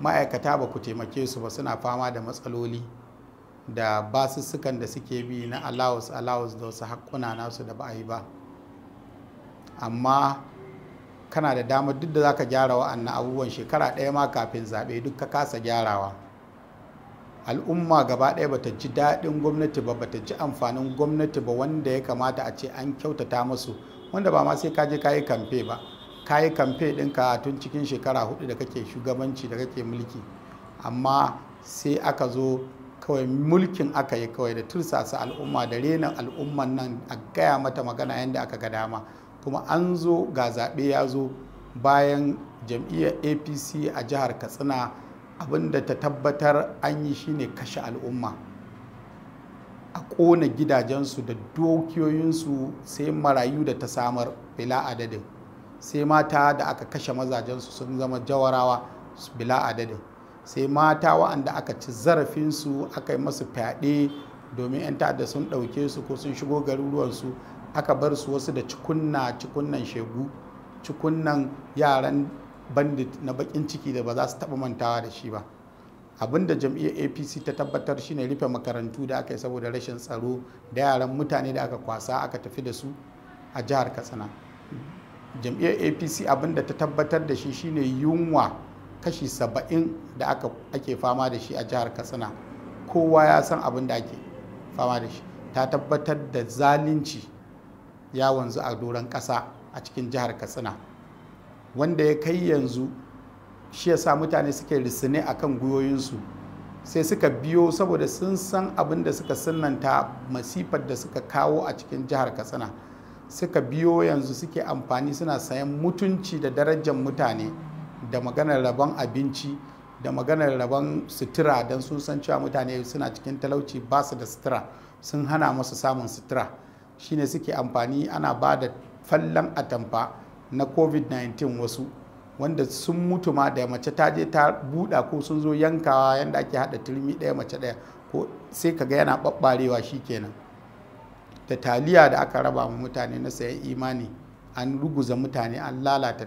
ma'aikata ba ku taimake su ba suna fama da matsaloli da basussukan da suke bi na allowance allowance da wasu haƙƙuna nasu da ba a yi ba amma kana da dama duk da zaka gyara wa'annan abubuwan shekara ɗaya ma kafin zaɓe duk ka kasa gyarawa al'umma gaba ɗaya bata ji daɗin gwamnati ba bata ji amfanin gwamnati ba wanda ya kamata a ce an kyautata musu wanda ba ma sai ka je ka yi kamfe ba ka yi kamfe ɗinka tun cikin shekara hudu da kake shugabanci da kake mulki amma sai aka zo kawai mulkin aka yi kawai da tursasa al'umma da renan al'umman nan a gaya mata magana yadda aka ga dama kuma an zo ga zaɓe ya zo bayan jam'iyyar apc a jihar katsina abinda ta tabbatar an yi shine kashe al'umma a kona gidajensu da dokiyoyinsu sai marayu da ta samar bila adadin sai mata da aka kashe mazajensu sun zama jawarawa bila adadin sai mata wa'anda aka ci zarafinsu aka yi masu fyaɗe domin 'yan ta'adda sun ɗauke su ko sun shigo garuruwansu aka bar su wasu da cikunna cikunnan shegu cikunnan yaran bandit na bakin ciki da ba za su taɓa mantawa da shi ba abin da jam'iyyar apc ta tabbatar shine rufe makarantu da aka yi saboda rashin tsaro da yaran mutane da aka kwasa aka tafi da su a jihar katsina jam'iyyar apc abin da ta tabbatar da shi shine yunwa kashi saba'in da ake fama da shi a jihar katsina kowa ya san abin da ake fama da shi ta tabbatar da zalunci ya wanzu a doron ƙasa a cikin jihar katsina wanda ya kai yanzu shi sa mutane suke risine a kan gwiwoyinsu sai suka biyo saboda sun san abin da suka sunanta masifar da suka kawo a cikin jihar katsina suka biyo yanzu suke amfani suna sayan mutunci da darajar mutane da maganar rabon abinci da maganar rabon sutura don sun san cewa mutane suna cikin talauci ba su da sutura sun hana masu samun sutura shine suke amfani ana ba da fallan atamfa na covid-19 wasu wanda sun mutu ma da mace ta je ta buɗa ko sun zo yankawa yadda ake haɗa turmi ɗaya mace ɗaya ko sai ka ga yana shi kenan. da taliya da aka raba wa mutane na sayan imani an ruguza mutane an lalata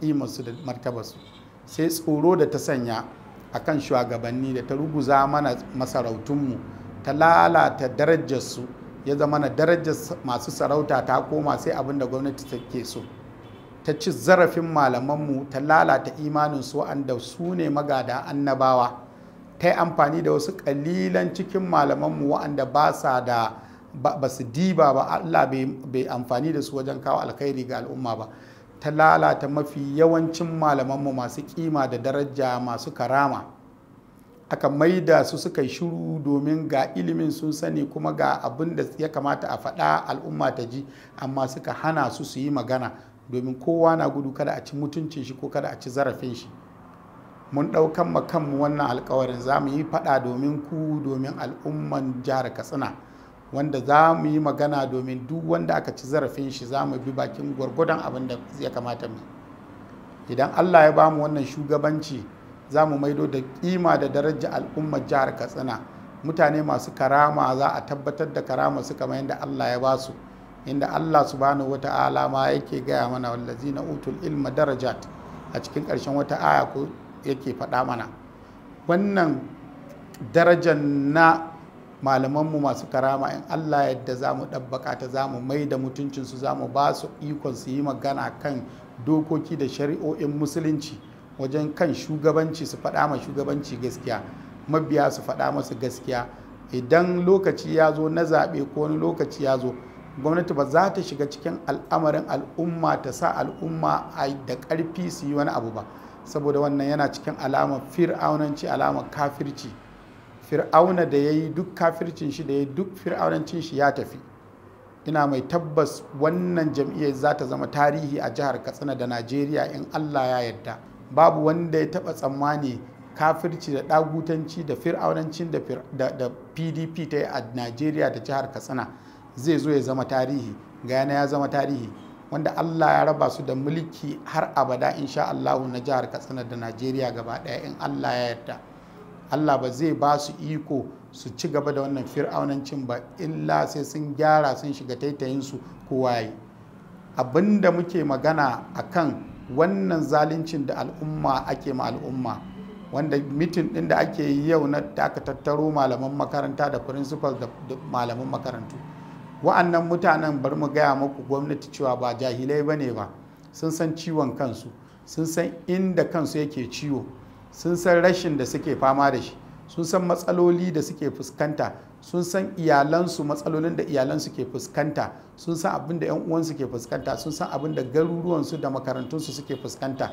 kimarsu da martabarsu sai tsoro da ta sanya a kan shugabanni da ta ruguza mana masarautunmu ta lalata darajarsu ya zama na darajar masu sarauta ta koma sai abin da gwamnati take so ta ci zarafin malamanmu ta lalata imanin su wa'anda su ne magada annabawa ta yi amfani da wasu ƙalilan cikin malamanmu wa'anda ba sa da ba su diba ba Allah bai amfani da su wajen kawo alkhairi ga al'umma ba ta lalata mafi yawancin malamanmu masu kima da daraja masu karama aka maida su suka shiru domin ga ilimin sun sani kuma ga abin da ya kamata a faɗa al'umma ta ji amma suka hana su su yi magana domin kowa na gudu kada a ci mutuncin shi ko kada a ci zarafin shi mun ɗaukan kanmu wannan alkawarin za mu yi faɗa domin ku domin al'umman jihar katsina wanda za mu yi magana domin duk wanda aka ci zarafin shi za mu bi bakin gwargwadon abin da ya kamata mu idan allah ya bamu wannan shugabanci za mu maido da kima da daraja al'ummar jihar katsina mutane masu karama za a tabbatar da karama su kamar yadda allah ya ba su inda allah su wata wata'ala ma yake gaya mana wallazina utul ilma darajat a cikin karshen wata aya ko yake faɗa mana wannan darajar na malamanmu masu karama in allah yadda za mu ɗabbaka ta za mu mai da mutuncinsu za mu ba su ikon su yi magana kan dokoki da shari'o'in musulunci wajen kan shugabanci su faɗa ma shugabanci gaskiya mabiya su faɗa masu gaskiya idan lokaci ya zo na zaɓe ko wani lokaci ya zo gwamnati ba za ta shiga cikin al'amarin al'umma ta sa al'umma a da ƙarfi su yi wani abu ba saboda wannan yana cikin alamar fir'aunanci alamar kafirci fir'auna da ya yi duk kafircin shi da ya duk fir'aunancin shi ya tafi ina mai tabbas wannan jam'iyyar za ta zama tarihi a jihar katsina da najeriya in allah ya yarda babu wanda ya taba tsammani kafirci da dagutanci da fir'aunancin da pdp ta yi a najeriya da jihar katsina zai zo ya zama tarihi gana ya zama tarihi wanda allah ya raba su da mulki har abada insha allahu na jihar katsina da najeriya gaba ɗaya in allah ya yarda Allah ba zai ba su iko su ci gaba da wannan fir'aunancin ba illa sai sun gyara sun shiga taitayinsu kowa yi abinda muke magana a kan wannan zaluncin da al'umma ake ma al'umma wanda mitin ɗin da ake yi yau na aka tattaro malaman makaranta da principal da malaman makarantu wa'annan mutanen bar mu gaya muku gwamnati cewa ba jahilai ba ne ba sun san ciwon kansu sun san inda kansu yake ciwo sun san rashin da suke fama da shi sun san matsaloli da suke fuskanta sun san iyalansu matsalolin da iyalansu ke fuskanta sun san abin da 'yan uwansu ke fuskanta sun san abin da garuruwansu da makarantunsu suke fuskanta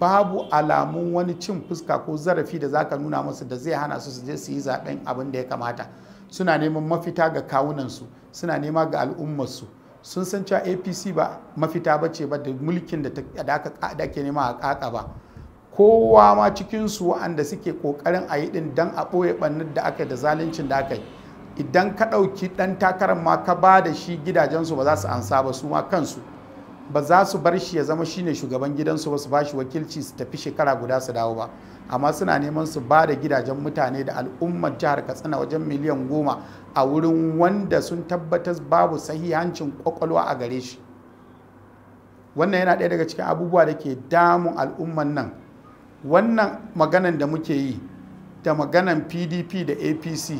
babu alamun wani cin fuska ko zarafi da zaka nuna masu da zai hana su su je su yi zaben abin da ya kamata suna neman mafita ga kawunansu suna nema ga al'ummarsu sun san cewa apc ba mafita ba ce ba da mulkin da ake nema a kaka ba kowa ma cikinsu wa'anda suke kokarin a yi din dan a ɓoye ɓannin da aka da zaluncin da aka yi idan ka ɗauki ɗan takarar ma ka ba da shi gidajensu ba za su ansa ba su ma kansu ba za su bar shi ya zama shine shugaban gidansu ba su ba shi wakilci su tafi shekara guda su dawo ba amma suna neman su ba da gidajen mutane da al'ummar jihar katsina wajen miliyan goma a wurin wanda sun tabbatar babu sahihancin kwakwalwa a gare shi wannan yana ɗaya daga cikin abubuwa da ke damun al'ummar nan wannan maganan da muke yi da maganan pdp da apc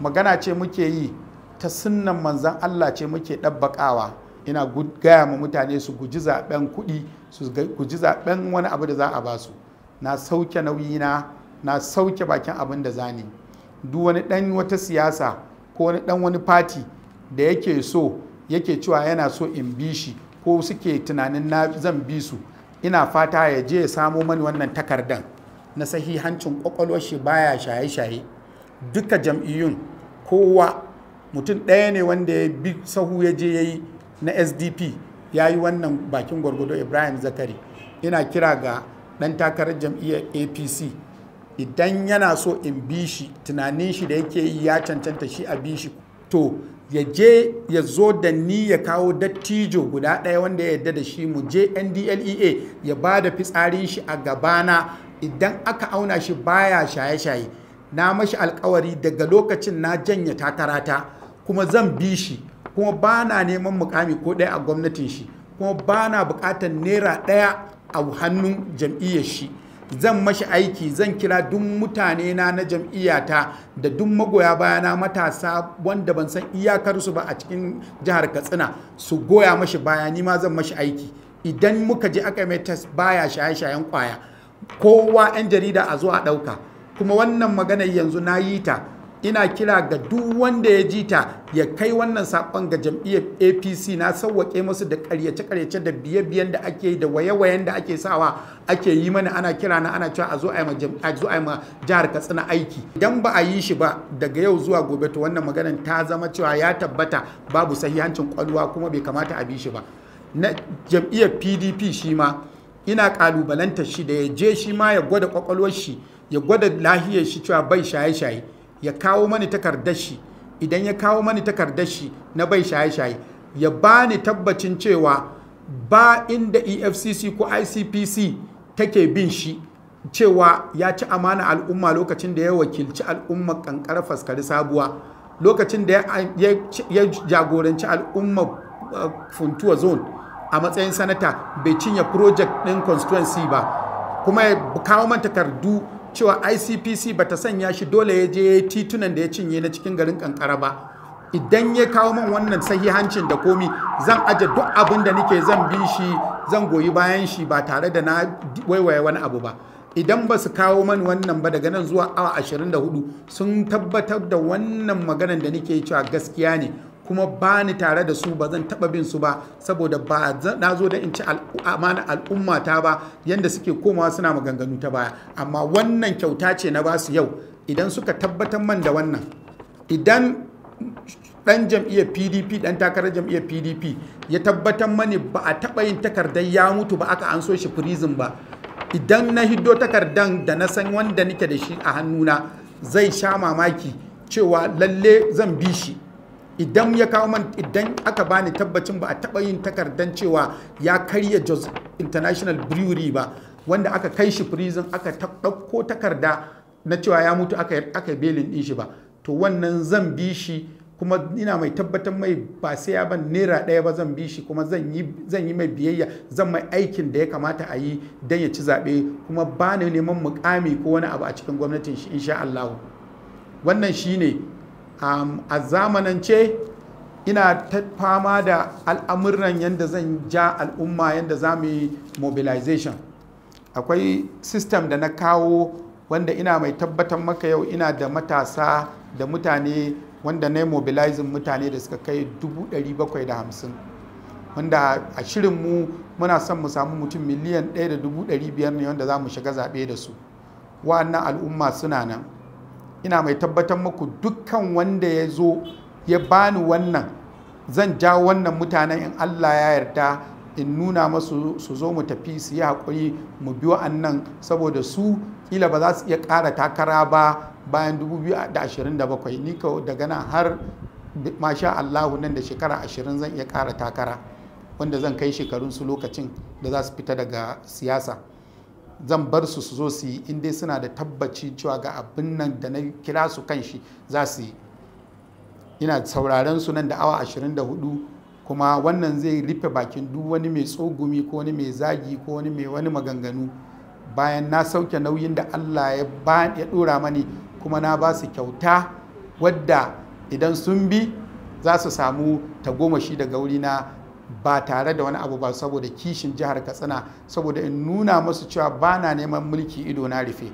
magana ce muke yi ta sunan manzan allah ce muke ɗabbaƙawa ina gaya ma mutane su guji zaɓen kuɗi su guji zaɓen wani abu da za a basu na sauke nauyina na sauke bakin abin da zane duk wani ɗan wata siyasa ko wani ɗan wani fati da yake so yake cewa yana so in bi shi ko suke tunanin na zan bi su ina fata ya je ya samo mani wannan takardan na sahihancin kwakwalwar shi baya shaye-shaye duka jam'iyyun kowa mutum ɗaya ne wanda ya bi sahu ya je ya yi na sdp ya yi wannan bakin gwargwado ibrahim zakari ina kira ga ɗan takarar jam'iyyar apc idan yana so in bi shi tunanin shi da yake yi ya cancanta shi a bi shi to ya je ya zo da ni ya kawo dattijo guda ɗaya wanda ya yarda da shi mu je ndlea ya ba da fitsarin shi a gabana idan aka auna shi baya shaye-shaye na mashi alkawari daga lokacin na janye takarata kuma zan bi shi kuma ba na neman mukami ko ɗaya a gwamnatin shi kuma ba na bukatar naira ɗaya a hannun jam'iyyar shi zan mashi aiki zan kira duk mutane na na jam'iyyata da duk magoya bayana matasa wanda ban san iyakarsu ba a cikin jihar katsina su goya mashi baya ni ma zan mashi aiki idan muka je aka mai test baya shaye-shayen kwaya kowa 'yan jarida a zuwa a ɗauka kuma wannan magana yanzu na yi ta ina kira ga duk wanda ya ji ta ya kai wannan sakon ga jam'iyyar apc na sauwaƙe musu da ƙaryace-ƙaryace da biye-biyen da ake yi da waye-wayen da ake sawa ake yi mana ana kira na ana cewa a zo a yi ma jihar katsina aiki idan ba a yi shi ba daga yau zuwa gobe to wannan maganar ta zama cewa ya tabbata babu sahihancin kwalwa kuma bai kamata a bi shi ba na jam'iyyar pdp shi ma ina kalubalantar shi da ya je shi ma ya gwada kwakwalwar shi ya gwada lahiyar shi cewa bai shaye-shaye ya kawo mani takardar shi idan ya kawo mani takardar shi na bai shaye-shaye ya bani tabbacin cewa ba inda efcc ko icpc take bin shi cewa ya ci amana al'umma lokacin da ya wakilci al'umma kankara faskari sabuwa lokacin da ya jagoranci al'umma eh, funtuwa zone a matsayin sanata bai cinye project ɗin constituency ba kuma ya kawo man takardu cewa ICPC ba ta sanya shi dole ya je titunan da ya cinye na cikin garin kankara ba idan ya kawo min wannan sahihancin da komi zan aje duk abin da nake zan bi shi zan goyi bayan shi ba tare da na waiwaye wani abu ba idan ba su kawo mani wannan ba daga nan zuwa awa 24 sun tabbatar da wannan maganan da nake cewa gaskiya ne kuma ba ni tare da su ba zan taba bin su ba saboda ba na zo da in ci amana al'umma ta ba yadda suke komawa suna maganganu ta baya amma wannan kyauta ce na basu yau idan suka tabbatar man da wannan idan dan jam'iyyar pdp dan takarar jam'iyyar pdp ya tabbatar mani ba a taba yin takardar ya mutu ba aka an so shi prison ba idan na hiddo takardar da na san wanda nake da shi a hannuna zai sha mamaki cewa lalle zan bi shi idan ya kawo man idan aka bani tabbacin ba a taba yin takardar cewa ya karya Jos International Brewery ba wanda aka kai shi prison aka ɗauko takarda na cewa ya mutu aka yi belin din shi ba to wannan zan bi shi kuma ina mai tabbatar mai ba sai ya ban naira ɗaya ba zan bi shi kuma zan yi mai biyayya zan mai aikin da ya kamata a yi don ya ci zaɓe kuma ba ni neman mukami ko wani abu a cikin gwamnatin shi insha Allah wannan shine um, a zamanance ina ta fama da al'amuran yadda zan ja al'umma yadda za mu yi mobilization akwai system da na kawo wanda ina mai tabbatar maka yau ina da matasa da mutane wanda na mobilizin mutane da suka kai 750 wanda a mu, muna son mu samu mutum miliyan 1.500 ne wanda za mu shiga zaɓe da su wa'annan al'umma suna nan ina mai tabbatar muku dukkan wanda ya zo ya bani wannan zan ja wannan mutanen in Allah ya yarda in nuna masu su zo mu tafi su yi haƙuri mu bi wa'annan saboda su kila ba za su iya kara takara ba bayan 2027 ni daga nan har masha Allahu nan da shekara 20 zan iya kara takara wanda zan kai shekarun su lokacin da za su fita daga siyasa. zan bar su su zo su yi in dai suna da tabbaci cewa ga abin nan da na kira su kan shi za su yi ina sauraren su nan da awa 24 kuma wannan zai rufe bakin duk wani mai tsogumi ko wani mai zagi ko wani mai wani maganganu bayan na sauke nauyin da Allah ya ya dora mani kuma na ba su kyauta wadda idan sun bi za su samu tagomashi daga wurina ba tare da wani abu ba saboda kishin jihar katsina saboda in nuna musu cewa ba na neman mulki ido na rufe